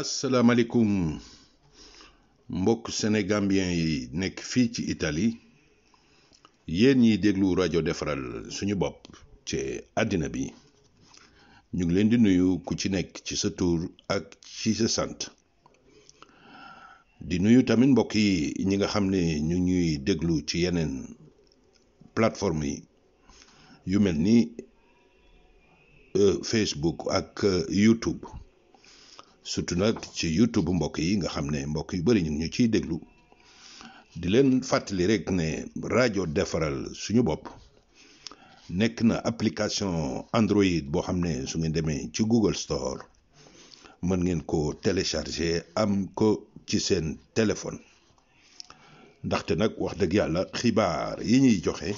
asalaamaaleykum mbokk sénégambien yi nekk fii ci itali yéen ñiy déglu rajo defaral suñu bopp ci àddina bi ñu ngi leen di nuyu ku ci nekk ci sa tur ak ci sa sant di nuyu tamit mbokk yi ñi nga xam ne ñu ñuy déglu ci yeneen plateforme yi yu mel ni euh, Facebook ak euh, YouTube. surtout nag ci youtube mbokk yi nga xam ne mbokk yu bari ñu ngi ciy déglu di leen fàttali rek ne rajo defaral suñu bopp nekk na application Android boo xam ne su ngeen demee ci Google Store mën ngeen ko télécharger am ko ci seen téléphone ndaxte nag wax dëgg yàlla xibaar yi ñuy joxe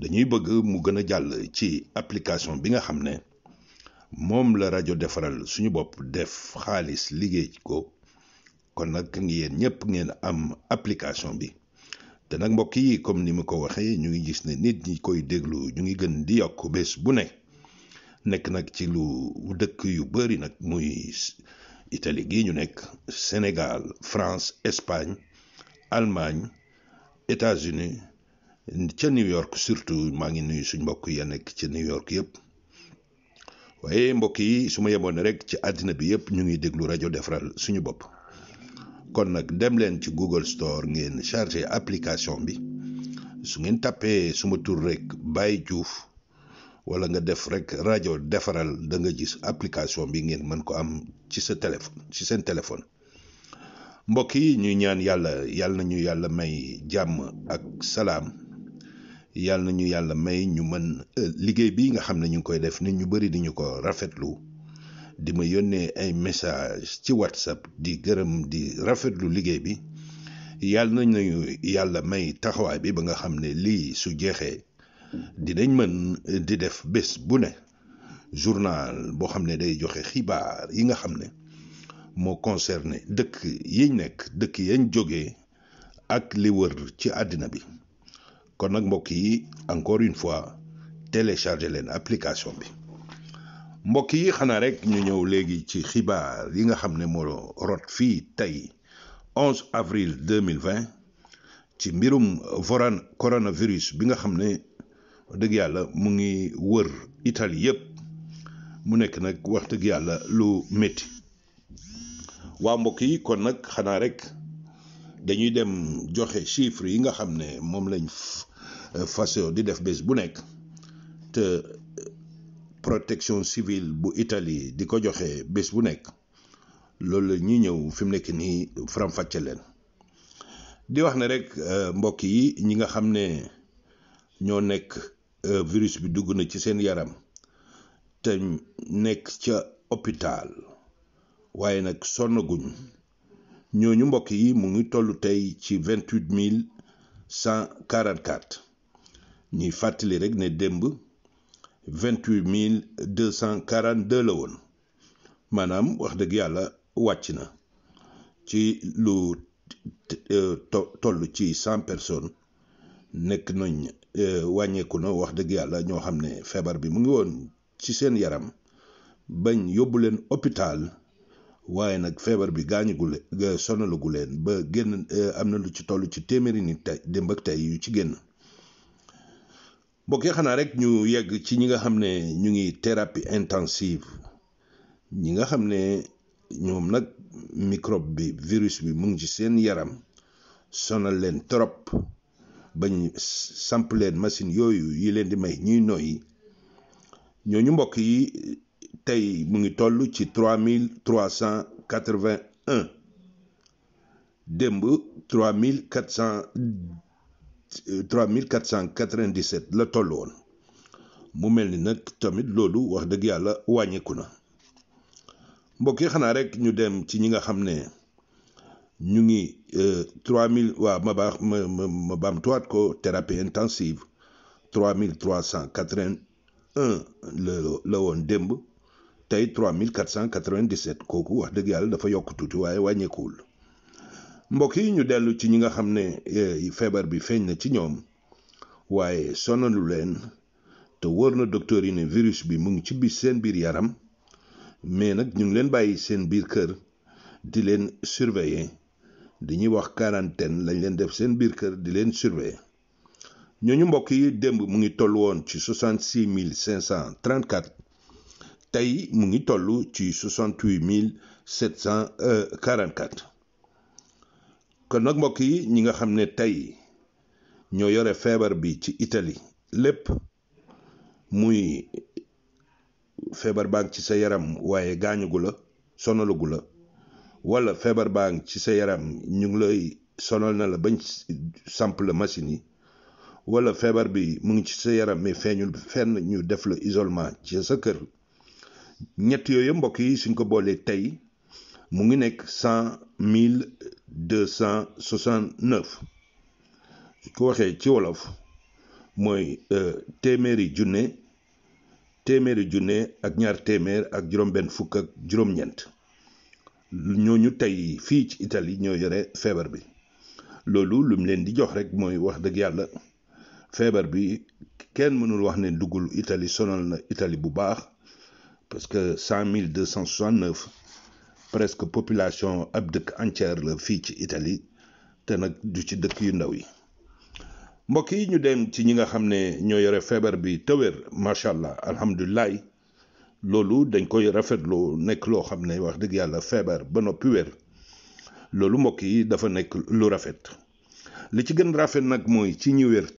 dañuy bëgg mu gën a jàll ci application bi nga xam ne. moom la rajo defaral suñu bopp def xaalis liggéey ko kon nag ngi yéen ñëpp ngeen am application bi te nag mbokk yi comme ni mu ko waxee ñu ngi gis ne nit ñi koy déglu ñu ngi gën di yokk bés bu ne nekk nag ci lu dëkk yu bari nag muy Italie gi ñu nekk Sénégal France Espagne Allemagne États-Unis ca New York surtout maa ngi nuyu suñ mbokk ya nekk ca New York yëpp. waaye mbokk yi su ma yemoon rek ci àddina bi yëpp ñu ngi déglu rajo defaral suñu bopp kon nag dem leen ci Google Store ngeen chargé application bi su ngeen tàppee suma tur rek bàyyi Diouf wala nga def rek rajo defaral danga nga gis application bi ngeen mën ko am ci sa téléphone ci seen téléphone mbokk yi ñuy ñaan yàlla yàlla na ñu yàlla may jàmm ak salaam. yàlla nañu yàlla may ñu mën euh, liggéey bi nga xam ne ñu ngi koy def ni ñu bari di ñu ko rafetlu di ma yónnee ay message ci whatsapp di gërëm di rafetlu liggéey bi yàlla nañu yàlla may taxawaay bi ba nga xam ne lii su jeexee dinañ mën euh, di def bés bu ne journal boo xam ne day joxe xibaar yi nga xam ne moo concerné dëkk yiñ nekk dëkk yañ jóge ak li wër ci àddina bi kon nag mbokk yi encore une fois téléchargé leen application bi mbokk yi xanaa rek ñu ñëw léegi ci xibaar yi nga xam ne moo rot fii tey 11 avril 2020 ci mbirum voran coronavirus bi nga xam ne dëgg yàlla mu ngi wër Italie yëpp mu nekk nag wax dëgg yàlla lu métti waa mbokk yi kon nag xanaa rek dañuy dem joxe chiffre yi nga xam ne moom lañ Euh, Faso di def bés bu nekk te euh, protection civile bu itali di ko joxe bés bu nekk loolu la ñuy ñëw fi mu nekk nii faram-fàcce leen di wax na rek euh, mbokk yi ñi nga xam ne ñoo nekk virus bi dugg na ci seen yaram te nekk ca hôpital waaye nag sonnaguñ ñooñu mbokk yi mu ngi toll tey ci vingt mille cent quarante quatre ñuy fàttali rek ne démb vingt mille deux cent quarante deux la woon maanaam wax dëgg yàlla wàcc na ci lu euh, toll ci cent personnes nekk nañ euh, wàññeeku na wax dëgg yàlla ñoo xam ne feebar bi mu ngi woon ci seen yaram bañ yóbbu leen hôpital waaye nag feebar bi gaañugu leen sonalagu leen ba génn euh, am na lu ci toll ci téeméeri nit tey démb ak tey yu ci génn. mbokk yi xanaa rek ñu yegg ci ñi nga xam ne ñu ngi thérapie intensive ñi nga xam ne ñoom nag microbe bi virus bi mu ngi ci seen yaram sonal leen trop bañ samp leen machine yooyu yi leen di may ñuy noyyi ñooñu mbokk yi tey mu ngi toll ci trois mille trois cent quatre-vingt-un démb 3497 la toll woon mu mel ni nag tamit loolu wax dëgg yàlla wàññeeku na mbokk yi xanaa rek ñu dem ci ñi nga xam ne ñu ngi 3000 euh, waaw ma baax ma ma ma baamtuwaat ko thérapie intensive 3381 la la woon démb tey 3497 kooku wax dëgg yàlla dafa yokk tuuti waaye wàññeekuwul. mbokk yi ñu dellu ci ñi nga xam ne eh, feebar bi feeñ na ci ñoom waaye sonalu leen te wóor na docteur yi ne virus bi mu ngi ci biir seen biir yaram mais nag ñu ngi leen bàyyi seen biir kër di leen surveiller di ñuy wax quarantaine lañ leen def seen biir kër di leen surveiller ñooñu mbokk yi démb mu ngi toll woon ci 66 534 tey mu ngi toll ci 68 744. kon nag mbokk yi ñi nga xam ne tey ñoo yore feebar bi ci Italie lépp muy feebar baa ngi ci sa yaram waaye gaañugu la sonalugu la wala feebar baa ngi ci sa yaram ñu ngi lay sonal na la bañ samp la machine yi wala feebar bi mu ngi ci sa yaram mais feeñul fenn ñu def la isolement ci sa kër ñett yooyu mbokk yi suñ ko boolee tey mu ngi nekk 1269 su ko waxee ci wolof mooy euh, téeméeri junne téeméeri junne ak ñaar téeméer ak juróom-benn fukk ak juróom-ñeent ñooñu tey fii ci Italie ñoo yore feebar bi loolu lum leen di jox rek mooy wax dëgg yàlla feebar bi kenn mënul wax ne duggul itali sonal na itali bu baax parce que 100 269 presque population ab dëkk entière la fii ci Italie te nag du ci dëkk yu ndaw yi mbokk yi ñu dem ci ñi nga xam ne ñoo yore feebar bi tëwér macha allah alhamdulilah loolu dañ koy rafetlu nekk loo xam ne wax dëgg yàlla feebar ba noppi wér loolu mbokk yi dafa nekk lu rafet li ci gën rafet nag mooy ci ñi wér